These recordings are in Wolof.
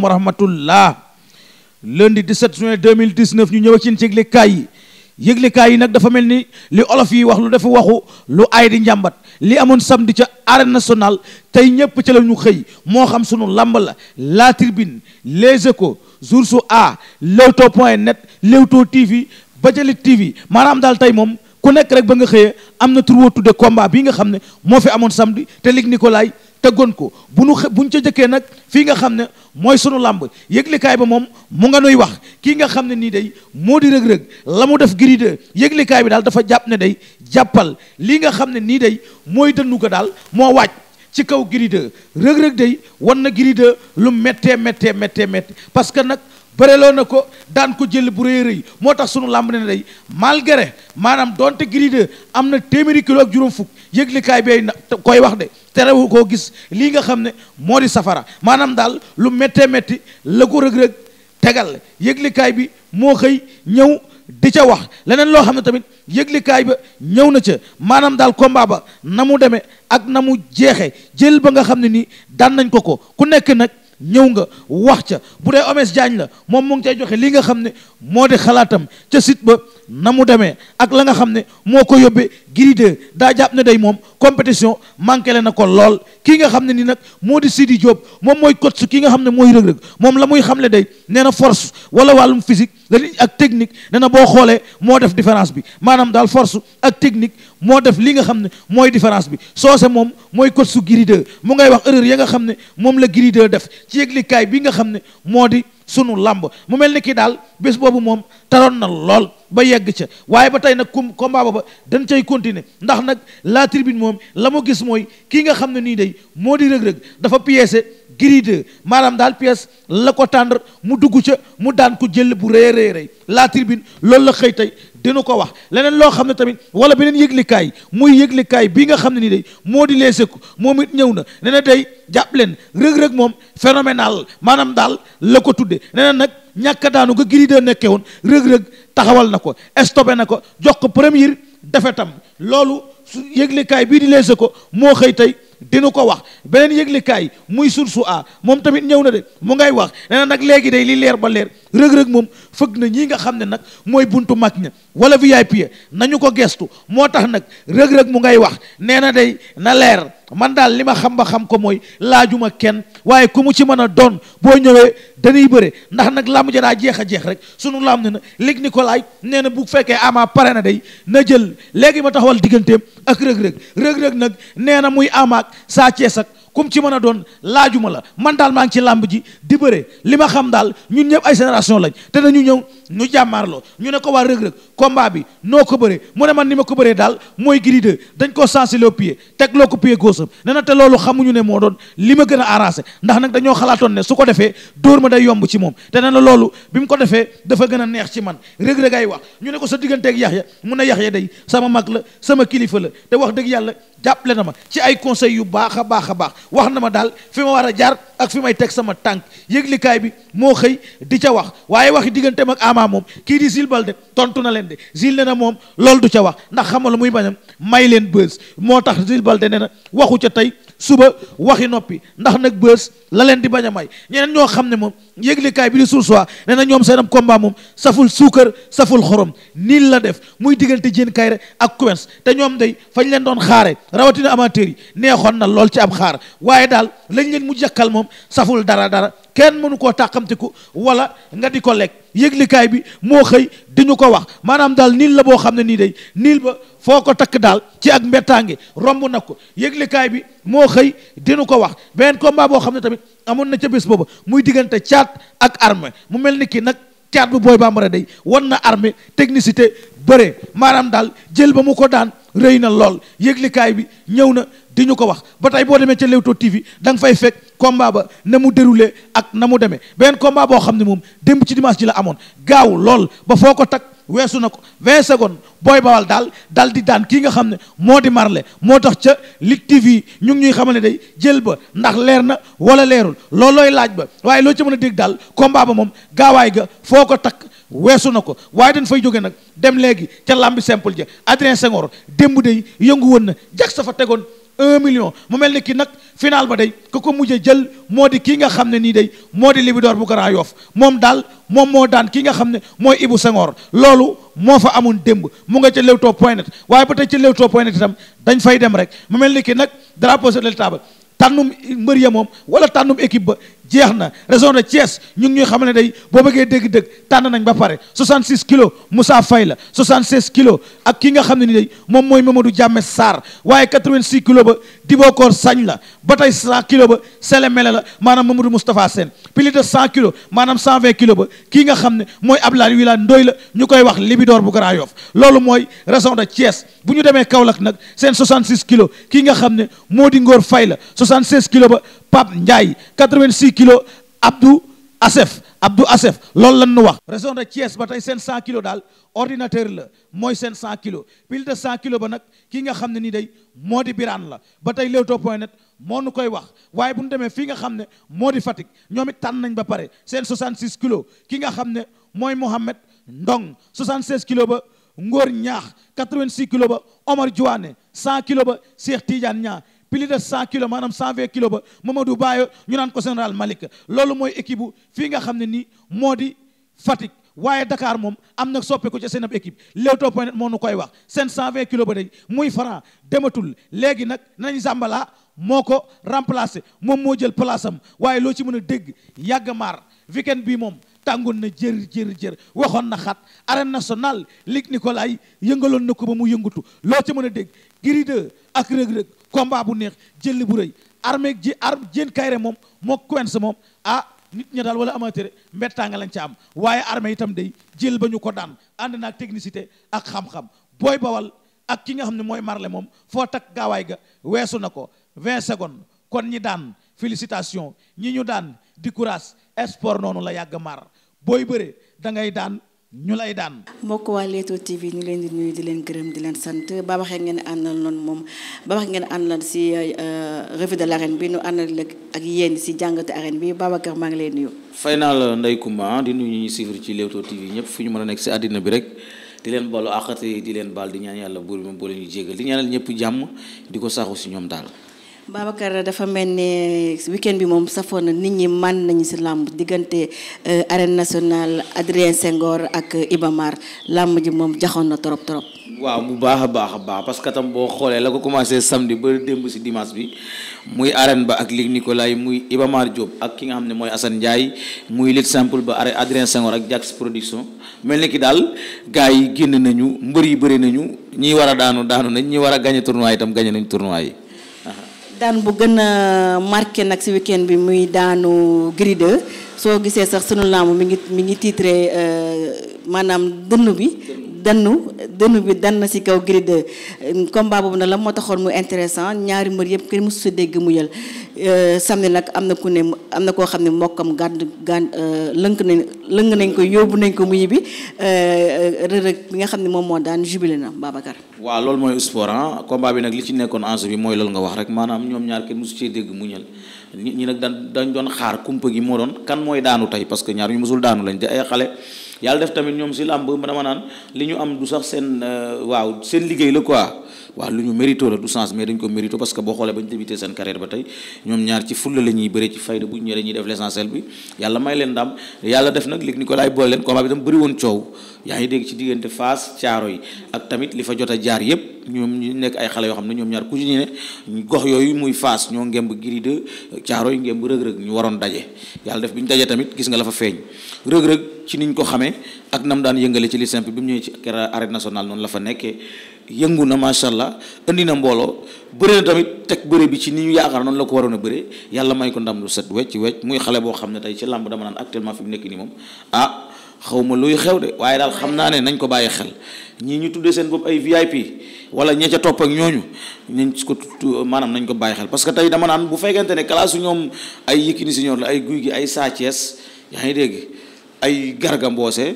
aleykum wa rahmatullah lundi 17 juin 2019 ñu ñëw ak ci yëglekaay yi yëglekaay yi nag dafa mel ni li olof yi wax lu dafa waxu lu aay di njàmbat li amoon samedi ca arène national tey ñépp ca la ñu xëy moo xam sunu làmb la la tribune les échos source a leewtoo point net leewtoo tv Bajalit TV maanaam daal tey moom ku nekk rek ba nga xëyee am na tur woo tudde combat bii nga xam ne moo fi amoon samedi te lig Nicolay tëggoon ko bu nu buñ ca jëkkee nag fii nga xam ne mooy sunu làmb yëglikaay ba moom mu nga nuy wax kii nga xam ne nii day moo di rëg-rëg la mu def giri de bi daal dafa jàpp ne day jàppal lii nga xam ne nii day mooy dënnu ko daal moo waaj ci kaw giri de rëg-rëg day wan na giri lu méttee méttee méttee méttee parce que nag bëreloo na ko daan ko jël bu rëy rëy moo tax sunu làmb ne na day malgré maanaam donte giri am na téeméeri kilo ak juróom fukk yëglikaay bi ay koy wax de terewu koo gis lii nga xam ne moo di safara maanaam daal lu méttee métti la ko rëg-rëg tegal yëglikaay bi moo xëy ñëw di ca wax leneen loo xam ne tamit yëglikaay ba ñëw na ca maanaam daal combat ba na mu demee ak na mu jeexe jël ba nga xam ne nii daan nañ ko ko ku nekk nag ñëw nga wax ca bu dee Omes Diagne la moom mu ngi cay joxe lii nga xam ne moo di xalaatam ca sit ba na mu demee ak la nga xam ne moo ko yóbbee Gris daa jàpp ne day moom compétition manqué le na ko lool kii nga xam ne ni nag moo di Sidi Diop moom mooy coach su kii nga xam ne mooy rëg moom la muy xam le day nee na force wala wàllum physique la ak technique nee boo xoolee moo def différence bi maanaam daal force ak technique moo def li nga xam ne mooy différence bi soose moom mooy coach su Gris mu ngay wax erreur ya nga xam ne moom la Gris def ci yëglikaay bi nga xam ne moo di sunu làmb mu mel ni kii daal bés boobu moom taroon na lool ba yegg ca waaye ba tey nag kum combat booba dañ cay continuer ndax nag laa tribune moom la mu gis mooy kii nga xam ne nii day moo di rëg-rëg dafa piécé gris maanaam daal pièce la ko tàndar mu dugg ca mu daan ko jël bu rëy rëy rëy laa tribune loolu la xëy tey dina ko wax leneen loo xam ne tamit wala beneen yëglikaay muy yëglikaay bii nga xam ne ni day moo di lee ko moom it ñëw na nee na tey jàpp leen rëg-rëg moom phénoménal maanaam daal la ko tudde nee nag ñàkk daanu nga giri de nekkee woon rëg-rëg taxawal na ko stoppé na ko jox ko premier defetam loolu su yëglikaay bii di leese ko moo xëy tey dina ko wax beneen yëglikaay muy sursu a moom tamit ñëw na de mu ngay wax nee na nag léegi day li leer ba leer rëg-rëg moom fëg na ñii nga xam ne nag mooy buntu mag ña wala VIP nañu ko gestu moo tax nag rëg-rëg mu ngay wax nee na day na leer man daal li ma xam ba xam ko mooy laajuma kenn waaye ku mu ci mën a doon boo ñëwee dañuy bëre ndax nag làmb ja daa jeex a jeex rek sunu làmb na na ko laaj nee na bu fekkee amaa pare na day na jël léegi ma taxawal digganteem ak rëg-rëg rëg-rëg nag nee na muy Ama ak Sa comme ci mën a doon laajuma la man daal maa ngi ci làmb ji di bëre li ma xam daal ñun ñëpp ay génération lañ te dañu ñëw ñu jàmmaarloo ñu ne ko waa rëg-rëg combat bi noo ko bëree mu ne man ni ma ko bëree daal mooy Gris dañ koo sensibiliser au teg loo ko pied góosam ne na te loolu xamuñu ne moo doon li ma gën a arrangé ndax nag dañoo xalaatoon ne su ko defee dóor ma day yomb ci moom te ne na loolu bi mu ko defee dafa gën a neex ci man rëg-rëg ay wax ñu ne ko sa digganteeg Yaxya mu ne Yaxya day sama mag la sama kilifa la te wax dëgg yàlla jàppale na ma ci ay conseils yu baax a baax a baax wax na ma daal fi ma war a jaar ak fi may teg sama tànk yëglikaay bi moo xëy di ca wax waaye waxi diggante mag ama moom kii di Jules tontu na leen de Jules ne na moom loolu du ca wax ndax xamal muy bañam may leen bës moo tax Jules Baldé na waxu ca tey suba waxi noppi ndax nag bës la leen di bañ a may ñeneen ñoo xam ne moom yëglikaay bi di suul soi nee na ñoom seenam combat moom saful suukar saful xorom niil la def muy diggante jéen kayre ak Quench te ñoom day fañ leen doon xaare rawatina amateur yi neexoon na lool ci am xaar waaye daal lañ leen mu jàkkal moom saful dara dara kenn mënu koo ko wala nga di ko lekk yëglikaay bi moo xëy di ñu ko wax maanaam daal niil la boo xam ne nii day niil ba foo ko takk daal ci ak mbettaange romb na ko yëglikaay bi moo xëy di ñu ko wax beneen combat boo xam ne tamit amoon na ca bés booba muy diggante caat ak armée mu mel ni kii nag caat bu booy bambara day wan na armée technicité bëre maanaam daal jël ba mu ko daan rëy na lool yëglikaay bi ñëw na di ñu ko wax ba tey boo demee ca Leewtoo TV da nga fay fekk komba ba na mu déroulé ak na mu demee beneen combat boo xam ne moom démb ci dimanche ji la amoon gaaw lool ba foo ko takk weesu na ko 20 secondes booy bawal daal dal daan kii nga xam ne moo di marle moo tax ca Lutte TV ñu ngi ñuy xamal ne day jël ba ndax leer na wala leerul loolooy laaj ba waaye loo ca mën a dégg daal combat ba moom gaawaay ga foo ko takk weesu na ko waaye dañ fay jóge nag dem léegi ca làmbi simple ja Adrien Senghor démb day yëngu woon na jax sa fa tegoon un million mu mel ni ki nag final ba day ku ko mujj jël moo di kii nga xam ne nii dey moo di libidoor bu Grand Yoff moom daal moom moo daan kii nga xam ne mooy Ibou Senghor loolu moo fa amoon démb mu nga ca Leewtoo point net waaye ba tey ca Leewtoo point net itam dañ fay dem rek mu mel ni ki nag drapeau sur le table tànnum mbër ya moom wala tànnum équipe ba jeex na région de Thiès ñu ngi ñuy xam ne day boo bëggee dégg-dëgg tànn nañ ba pare 66 kilos Moussa Faye la 76 kilos ak ki nga xam ne ni moom mooy Mamadou Diame Sarr waaye 86 kilos ba Dibokor Sañ la ba tey 100 kilo ba Selemele la maanaam Mamadou Moustapha Sène plus de 100 kilos maanaam 120 kilos ba kii nga xam ne mooy Abdoulaye Wila Ndoy la ñu koy wax Libidor bu Grand Yoff loolu mooy région de Thiès bu ñu demee Kaolack nag seen 66 kilos kii nga xam ne moo di Ngor Faye la 76 kilos ba Pape Ndiaye 86 kilos Abdou Assef Abdou Assef loolu lan nu wax région de Thiès ba tey seen 100 kilos daal ordinateur la mooy seen 100 kilos pile de 100 kilos ba nag ki nga xam ne ni day moo di biraan la ba tey Leewtoo point net moo nu koy wax waaye bu ñu demee fii nga xam ne moo di Fatick ñoom it nañ ba pare seen 66 kilos ki nga xam ne mooy Mohamed Ndong 76 kilos ba Ngor Ñaax 86 kilos ba Omar Diouane 100 kilos ba Cheikh Tidiane Niang plus de cent kilos maanaam cent vingt kilos ba Mamadou Bayo ñu naan ko général Malick loolu mooy équipe bu fii nga xam ne nii moo di Fatick waaye dakaar moom am na soppeeku ci seen ab équipe Leewtoo point moo nu koy wax seen cent vingt kilo ba day muy Franc dematul léegi nag nañ Zambala moo ko remplacé moom moo jël place waaye loo ci mën a dégg yàgg maar weekend bii moom tàngoon na jër jër jër waxoon na xat arène nationale Ligue Nicolas yëngaloon na ko ba mu yëngatu loo ci mën a dégg Gris 2 ak rëg-rëg combat bu neex jëlli bu rëy armée ji arme jéen kayre moom moo Quench moom ah nit ña daal wala amateur mbettaanga lañ ca am waaye armée tam day jël ba ñu ko daan ànd naag technicité ak xam-xam booy bawal ak ki nga xam ne mooy marle moom foo takk gaawaay ga weesu na ko vingt secondes kon ñi daan félicitation ñi ñu daan di courage noonu la yàgg mar booy bëre da daan ñu lay daan. mbokk waa Leewtoo TV ñu leen di nuyu di leen gërëm di leen sant ba waxee ngeen àndal noonu moom ba waxee ngeen àndal si euh, euh, revue de l'arène bi na àndal ak yéen si jàngatu arène bi Babacar maa ngi lay nuyu. fay naa la Ndeye Coumba di nuyu ñuy suivre ci Leewtoo TV ñëpp fu ñu mën a nekk si àddina bi rek. di leen balu àqate di leen baal di ñaan yàlla buur bi moom boo leen ñu jégal di ñaanal ñëpp jàmm di ko saxu si ñoom daal Babacar dafa mel ne weekend bi moom safoon na nit ñi man nañu si làmb diggante euh, arène nationale Adrien Senghor ak Ibamar làmb ji moom jaxoon na trop trop. waaw mu baax a baax a baax parce que tam boo xoolee la ko commencé samedi ba démb si dimanche bi muy arène ba ak Ligue Nicolas yi muy ibamaar Diop ak ki nga xam ne mooy Assane Ndiaye muy lit simple ba arène Adrien Senghor ak Jax production mel ni ki daal gars yi génn nañu mbër yi bëri nañu ñi war a daanu daanu nañ ñi war a gagné itam gagné nañ tournoi yi. daan bu gën a marqué nag si week bi muy daanu Gris soo gisee sax sunu laamu mi ngi mi ngi titré euh, maanaam dënn bi dannu dënn bi dann si kaw Gris 2 combat boobu nag la moo taxoon mu intéressant ñaari mbër yëpp kenn mosu sa dégg mu yël euh, samedi nag am na ku ne am na koo xam ne mbokkam gànd gànd euh, lënk nañ lëng nañ ko yóbbu nañ ko mu euh, bi nga xam ne moom moo daan jubilé na Babacar waaw loolu mooy sport ah combat bi nag li ci nekkoon enjeu bi mooy loolu nga wax rek maanaam ñoom ñaar kenn mosu cee dégg mu ñël ñi nag dañ dañ doon xaar kumpa gi moo doon kan mooy daanu tey parce que ñaar ñu mosul daanu lañ di ay xale yàlla def tamit ñoom si làmb dama naan li ñu am du sax seen euh, waaw seen liggéey la quoi waaw lu ñu mérito la du sens mais dañ ko mérito parce que boo xoolee bañ débuté seen carrière ba tey ñoom ñaar ci fulla la ñuy ci fayda bu ñu ñëwee nekk ay xale yoo xam ne ñoom ñaar ku ci ne gox yooyu muy Fass ñoo ngemb Gris 2 Caaro yi ngemb rëg-rëg ñu waroon daje yàlla def bi ñu dajee tamit gis nga la fa feeñ rëg-rëg ci niñ ko xamee ak nam daan yëngale ci li simple bi mu ñëwee ci arène nationale noonu la fa nekkee yëngu na macha allah indi na mbooloo bëri na tamit teg bëri bi ci ni ñu yaakaar noonu la ko waroon a bëree yàlla may ko ndam lu set wecc wecc muy xale boo xam ne tey ci làmb dama naan actuellement fi mu nekk nii moom ah, luy xew waaye daal xam naa ne nañ ko bàyyi xel ñii ñu tuddee seen bopp ay VIP wala ña ca topp ak ñooñu nañ ko maanaam nañ ko bàyyi xel parce que tey dama naan bu fekkente ne classe ñoom ay Yékini Senior la ay guy Gui ay Sa Thiès yaa ngi dégg ay Garga Mbossé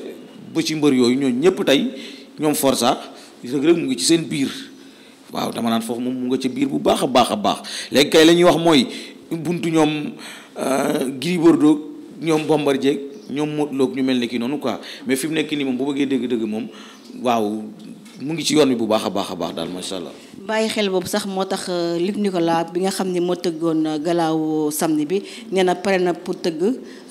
bu ci mbër yooyu ñooñu ñëpp tey ñoom Forza Reug Reug mu ngi ci seen biir waaw dama naan foofu moom mu nga ca biir bu baax a baax a baax léegi kay la ñuy wax mooy buntu ñoom euh, Gris Bordeaux ñoom Bombardier ñoom Modou Lo ñu mel ni ki noonu quoi mais fi mu nekk nii moom bu bëggee dëgg-dëgg moom waaw mu ngi ci yoon bi bu baax a baax a baax daal macha allah. bàyyi xel boobu sax moo tax euh, Luc Nicolaï bi nga xam ne moo tëggoon euh, galaawu samedi bi nee na pare na pour tëgg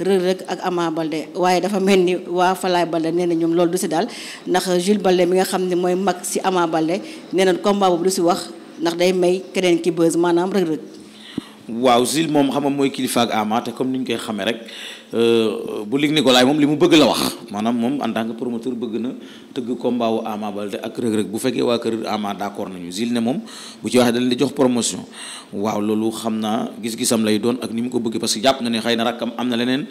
Reug Reug ak Ama Balde waaye dafa mel ni waa Falaye Balde nee na ñoom loolu du si daal ndax Jules Balde mi nga xam ne mooy mag si amaa Balde nee na combat boobu du si wax ndax day may keneen kii bës maanaam Reug Reug. waaw Zil moom xam nga mooy kilifa ak te comme ni ñu koy xamee rek euh, bu Luc Nicolaï moom li mu bëgg la wax maanaam moom en tant que promoteur bëgg na tëgg ko wu Ama Baldé ak Reug Reug bu fekkee waa kër Ama d'accord nañu Zil ne moom bu ci waxee dañ la jox promotion waaw loolu xam naa gis-gisam lay doon ak ni mu ko bëggee parce que jàpp na ne xëy na rakkam am na leneen.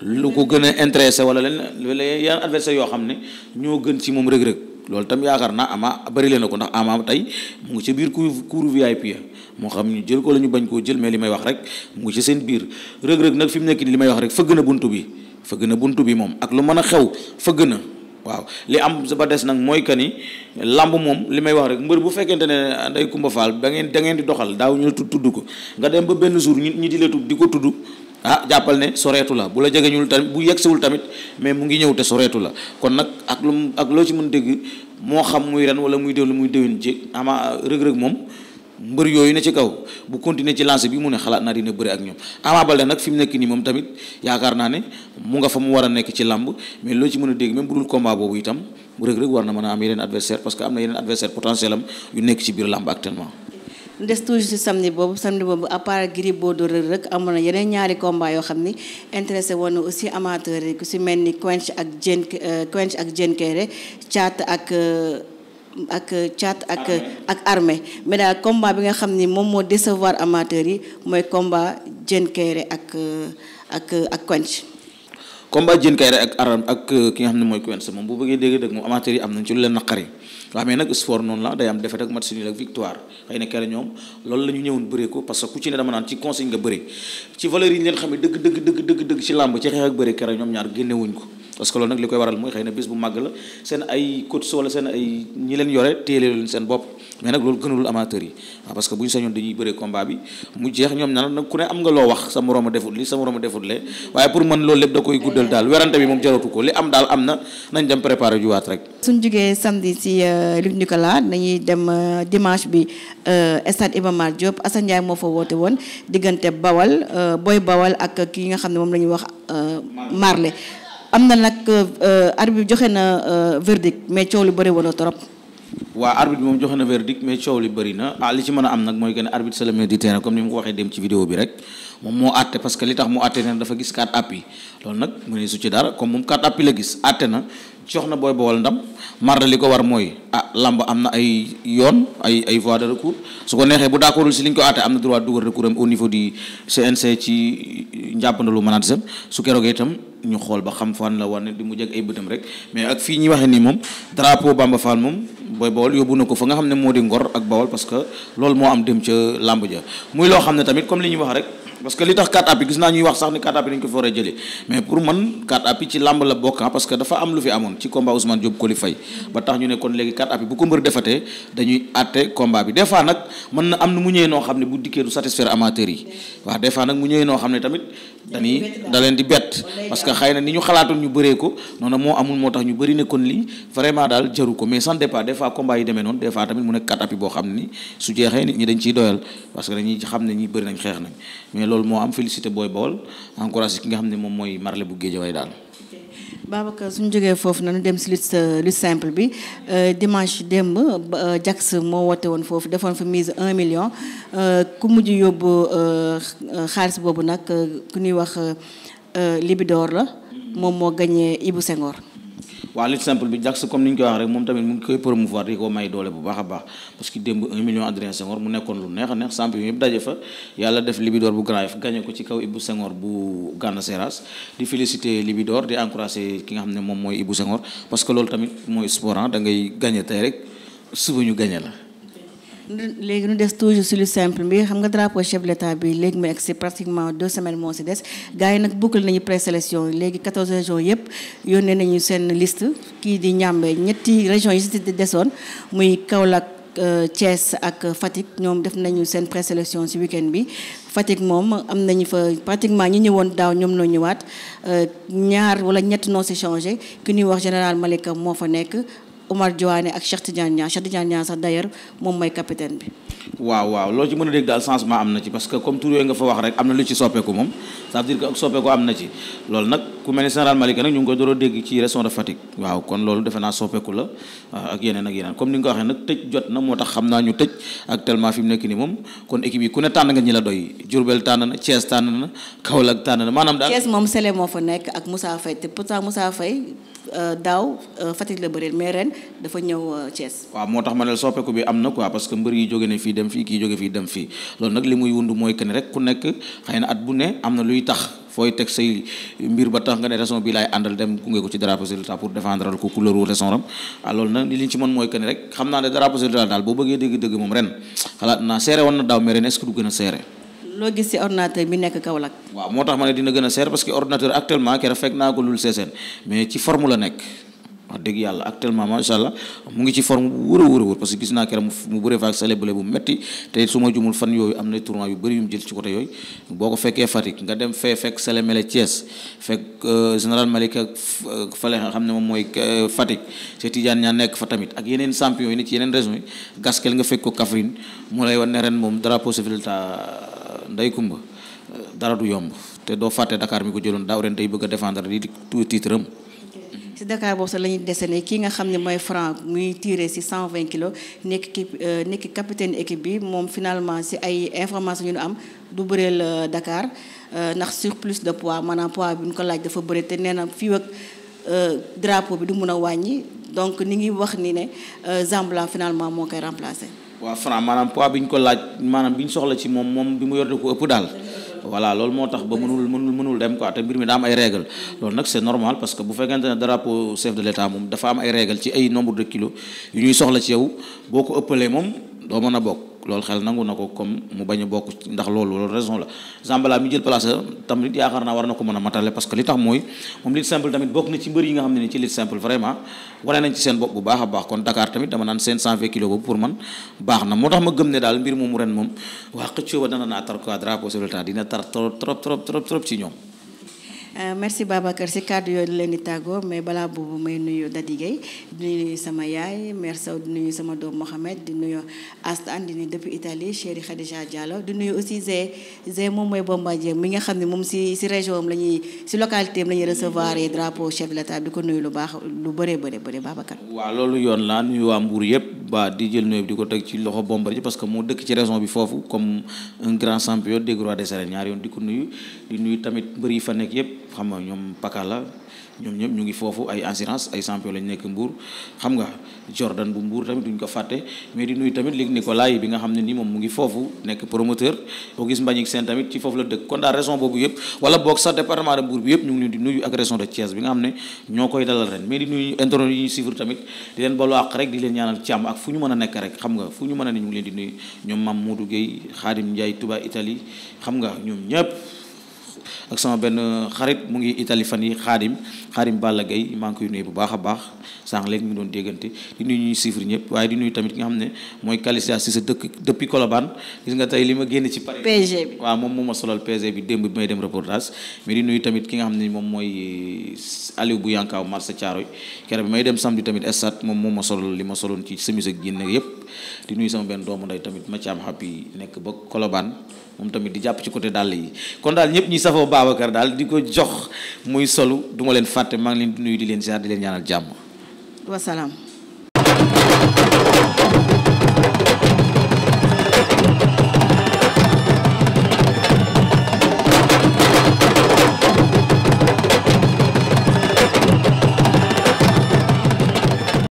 lu ko gën a intéressé wala leneen yeneen adversaire yoo xam ne ñoo gën ci moom Reug Reug. loolu tam yaakaar na amaa bëri leen na ko ndax ama tey mu ngi ci biir cour cour VIP ya moo xam ñu jël ko la ñu bañ koo jël mee li may wax rek mu ngi ci seen biir rëg-rëg nag fi mu nekk nii li may wax rek fëgg na buntu bi fëgg na buntu bi moom ak lu mën a xew fëgg na waaw li am ba des nag mooy que ni lamb moom li may wax rek mbër bu fekkente ne day kumba faal da ngeen da ngeen di doxal daaw ñu tudd tudd ko nga dem ba benn jour ñi di la di ko tudd ah jàppal ne soreetu la bu la jegeñul tamit bu yegsiwul tamit mais mu ngi ñëw te soreetu la kon nag ak lu ak loo ci mën dégg moo xam muy ren wala muy déw muy déwén ci ama rëg-rëg moom mbër yooyu ne ci kaw bu continuer ci lancé bi mu ne xalaat naa dina bëri ak ñoom Ama Baldé nag fi nekk nii moom tamit yaakaar naa ne mu nga fa mu war a nekk ci làmb mais loo ci mën a dégg même bu dul combat boobu itam Reug Reug war na mën a am yeneen adversaire parce que am na yeneen adversaire potentiel yu nekk ci biir làmb actuellement des toujours ci samedi boobu samedi boobu à part Gris Bordeaux Reug Reug amoon na yeneen ñaari combat yoo xam ni intéressé woon na aussi amateur yi ku si mel ni Quench ak Diène euh, Quench ak Diène Kairé Thiat ak euh, ak euh, Thiat ak ak Armée mais daal bi nga xam ni moom moo décevoir amateur yi mooy combat Diène Kairé ak ak ak Quench combat Diène Kaïré ak aram ak euh, ki nga xam ne mooy Quench moom bu bëggee dégg dëgg moom amateur yi am nañ ci lu leen naqari waaw mais nag sport noonu la day am défaite ak match nul ak victoire xëy na keroog ñoom loolu la ñu ñëwoon bëree ko parce ku ci ne dama naan ci conseil nga bëree ci valeur leen xamee dëgg dëgg dëgg dëgg ci làmb ci xeex ak bëree keroog ñoom ñaar génnewuñ ko parce que loolu nag li koy waral mooy xëy na bis bu màgg la seen ay coach wala seen ay ñi leen yore téelé leen seen bopp mais nag loolu gënalul amateur yi parce que bu ñu sañoon dañuy bëree combat bi mu jeex ñoom nag ku ne am nga loo wax sa moroom a defut li sa moroom a defut le waaye pour man loolu lépp da koy guddal daal werante bi moom jaratu ko li am daal am na nañ dem préparer juwaat rek suñ jógee samedi si euh, Luc dem euh, dimanche bi euh, stade Iba Mar Diop Assane Ndiaye moo fa woote woon diggante Bawal Boy Bawal ak ki nga xam ne moom la ñuy wax Marley am na nag euh, euh, ar bi joxe na euh, verdict mais coow lu bëri woon na trop. waa arbitre bi moom joxe na verdict mais coow li bëri na ah li ci mën a am nag mooy que ne arbitre c'est le maître du terrain comme ni mu ko waxee dem ci vidéo bi rek moom moo àtte parce que li tax mu àtte na booy bowal ndam marda li ko war mooy ah lamb am na ay yoon ay ay voies recours su ko neexee bu daa d'accordul si li ñu ko àtte am na droit dugal recours am au niveau du CNC ci njàppandalu manatsem su keroogee itam ñu xool ba xam fan la war ne di mu jeg ay bëtam rek mais fii ñuy waxee nii moom drapeau Bamba Fall moom booy bawol yóbbu na ko fa nga xam ne moo di ngor ak bawol parce que loolu moo am dem ca làmb ja muy loo xam ne tamit comme li ñuy wax rek parce que li tax 4 appuis gis naa ñuy wax sax ni 4 appuis dañ ko fi war a jëlee mais pour man 4 appuis ci làmb la bokk ah parce que dafa am lu fi amoon ci combat Ousmane Diop Coly Faye ba tax ñu ne kon léegi 4 appuis bu ko mbër defatee dañuy àtte combat bi des nag mën na am na mu ñëwee noo xam ne bu dikkee du satisfaire amateur yi waaw des nag mu ñëwee noo xam ne tamit dañuy da leen di bett parce que xëy na ni ñu xalaatoon ñu bëree ko noonu moo amul moo tax ñu bëri ne kon lii vraiment daal jaru ko mais sans départ des fois combat yi demee noonu des fois tamit mu nekk 4 appuis boo xam loolu moo am félicité booy bool encouragé ki nga xam ne moom mooy marle bu géejawaay daal. Babacar suñu jógee foofu nañu dem si lutte euh, simple bi euh, dimanche démb euh, Jax moo woote woon foofu defoon fa mise un million ku mujj yóbbu xaalis boobu nag ku nuy wax Libidor la mm-hmm. moom moo gañee Ibou Senghor. waa lutte simple bi jax comme ni ñu koy wax rek moom tamit mu ngi koy promouvoir di ko may doole bu baax a baax parce que démb 1 million Adrien Senghor mu nekkoon lu neex a neex champion yëpp daje fa yàlla def Libidor bu Grand Yoff gagné ko ci kaw Ibou Senghor bu Gana Seras di féliciter Libidor di encourager ki nga xam ne moom mooy Ibou Senghor parce que loolu tamit mooy sport ah, da ngay gagné tey rek suba ñu gagné la léegi ñu des toujours sur le simple bi xam nga drapeau chef de l'état bi léegi mu egsi pratiquement deux semaines moo si des gars yi nag boucle nañu présélection léegi quatorze régions yëpp yónnee nañu seen liste kii di ñàmbe ñetti régions yi si desoon muy Kaolack euh, Thiès ak Fatick ñoom def nañu seen présélection si week bi Fatick moom am nañu fa pratiquement ñi ñëwoon daaw ñoom noo ñëwaat euh, ñaar wala ñett noo si changé ki ñuy wax général Malika moo fa nekk Omar Diouane ak Cheikh Tidiane Niang Cheikh Tidiane Niang sax d'ailleurs moom mooy capitaine bi. waaw waaw loolu ci mën a dégg daal changement am na ci parce que comme tur yooyu nga fa wax rek am na lu ci soppeeku moom ça veut dire que ak soppeeku am na ci a ah, ko waxee nag tëj jot na moo tax xam naa ñu tëj actuellement fi nekk nii moom kon équipe yi ku ne tànn nga ñi na Thiès tànn na na maanaam daal. Thiès moom Sélé moo fa nekk ak Moussa Faye te pourtant Moussa Faye daaw euh, Fatick la bëreel mais ren dafa ñëw euh, Thiès. waaw moo tax ma ne soppeeku bi am na quoi parce que mbër yi jóge ne fii dem fii kii jóge fii dem fii loolu nag li muy wund mooy que ne rek ku nekk xëy na at bu ne am na luy tax. fooy teg say mbir ba tax nga ah, xam naa ne drapeau résultat daal boo bëggee dëgg-dëgg moom ren xalaat naa seere woon na daaw mais ren du gën a seere loo gis ci ordinateur bi nekk Kaolack. waaw moo tax ma ne dina gën a seer parce que ordinateur actuellement keroog fekk naa ko lul seeseen mais ci forme la nekk wax yàlla actuellement macha allah mu ngi ci forme bu wër a wër a wër parce que gis naa keroog mu bëree faak salébale bu metti te su ma jumul fan yooyu am na tournoi yu bëri yu mu jël ci côté yooyu boo ko fekkee Fatick nga dem fee fekk salemele Thiès fekk euh, général Malick ak euh, fale xam ne moom mooy euh, Fatick te Tidiane nekk fa tamit ak yeneen champion yi ci yeneen région ne ren moom drapeau civilité day kumba euh, dara du yomb te doo fàtte Dakar mi ko jëloon daaw ren day bëgg a défendre di tout titre am si Dakar boobu sax la ñuy ne kii nga xam ne mooy Franck muy tiré si 120 kilos nekk ki euh, nekk capitaine équipe bi moom finalement si ay information yu ñu am du bëreel euh, Dakar ndax plus de poids maanaam poids bu ñu ko laaj dafa bëri te nee na fii ak drapeau bi du mun a wàññi donc ni ngi wax ni ne Zambala finalement moo koy remplacé waa franc maanaam poids bi ñu ko laaj maanaam bi ñu soxla ci moom moom bi mu yor ko ëpp daal voilà loolu moo tax ba mënul mënul mënul dem quoi te mbir mi daa am ay règle loolu nag c'est normal parce que bu fekkente ne drapeau chef de l'état moom dafa am ay régle ci ay nombre de kilo yu ñuy soxla ci yow boo ko ëppalee moom doo mën a bokk loolu xel nangu na ko comme mu bañ bokk ndax loolu loolu raison la Zambala mi jël place tamit yaakaar naa war na ko mën a matale parce que li tax mooy moom lit simple tamit bokk na ci mbër yi nga xam ne ni ci lit simple vraiment wane nañ ci seen bopp bu baax a baax kon Dakar tamit dama naan seen 120 kilos boobu pour man baax na moo tax ma gëm ne daal mbir moomu ren moom waa xëccoo dana naa tar quoi drapeau sur dina tar trop trop trop Euh, merci Babacar si kàddu yooyu leen di tàggoo mais balaa boobu may nuyu Dadi Gueye nuyu sama yaay mère Sow di nuyu sama doom Mohamed di nuyu Astan di nuyu depuis Italie chéri Khadija Diallo di nuyu aussi Zé Zé moom mooy Bombardier mi nga xam ne moom si si région am la ñuy si localité am la ñuy recevoir drapeau chef de l'état di ko nuyu lu baax lu bëree bëri bëri Babacar. waaw loolu yoon laa nuyu waa Mbour yëpp waa di jël nuyu di ko teg ci loxo Bombardier parce que moo dëkk ci région bi foofu comme un grand champion des ñaar yoon di ko nuyu di nuyu tamit mbër yi fa nekk yëpp. xam nga ñoom pakala ñoom ñëpp ñu ngi foofu ay assurance ay champion lañ nekk Mbour xam nga Jordan bu Mbour tamit duñ ko fàtte mais di nuyu tamit bi nga xam ne ni moom mu ngi foofu nekk promoteur boo gis Mbagnick Sène tamit ci foofu la dëkk kon daal région boobu yëpp wala boog sax département de Mbour bi yëpp ñu ngi leen di nuyu ak région de Thiès bi nga xam ne a nekk nga a ne ñoom Mamadou xam nga ak sama benn xarit mu ngi Italie fan yi xaadim xaadim Balla gay manque yu koy bu baax a baax sànq léegi ñu doon déggante di nuyu ñuy suivre ñëpp waaye di nuyu tamit nga xam ne mooy Kalisia sa dëkk depuis Colobane gis nga tey li ma génn ci Paris PG moom moo ma solal PG bi démb bi dem reportage mais di nuyu tamit ki nga xam ne moom mooy Aliou bu yankaaw marché Thiaroy keroog bi may dem samedi tamit estat moom moo ma solal li ma soloon ci semis ak yëpp di nuyu sama benn doomu nday tamit ma ci am happy nekk ba kolobaan moom tamit di jàpp ci côté dàll yi kon daal ñëpp ñi safoo Babacar daal di ko jox muy solu du ma leen fàtte maa ngi leen di nuyu di leen ziar di leen ñaanal jàmm wasalaam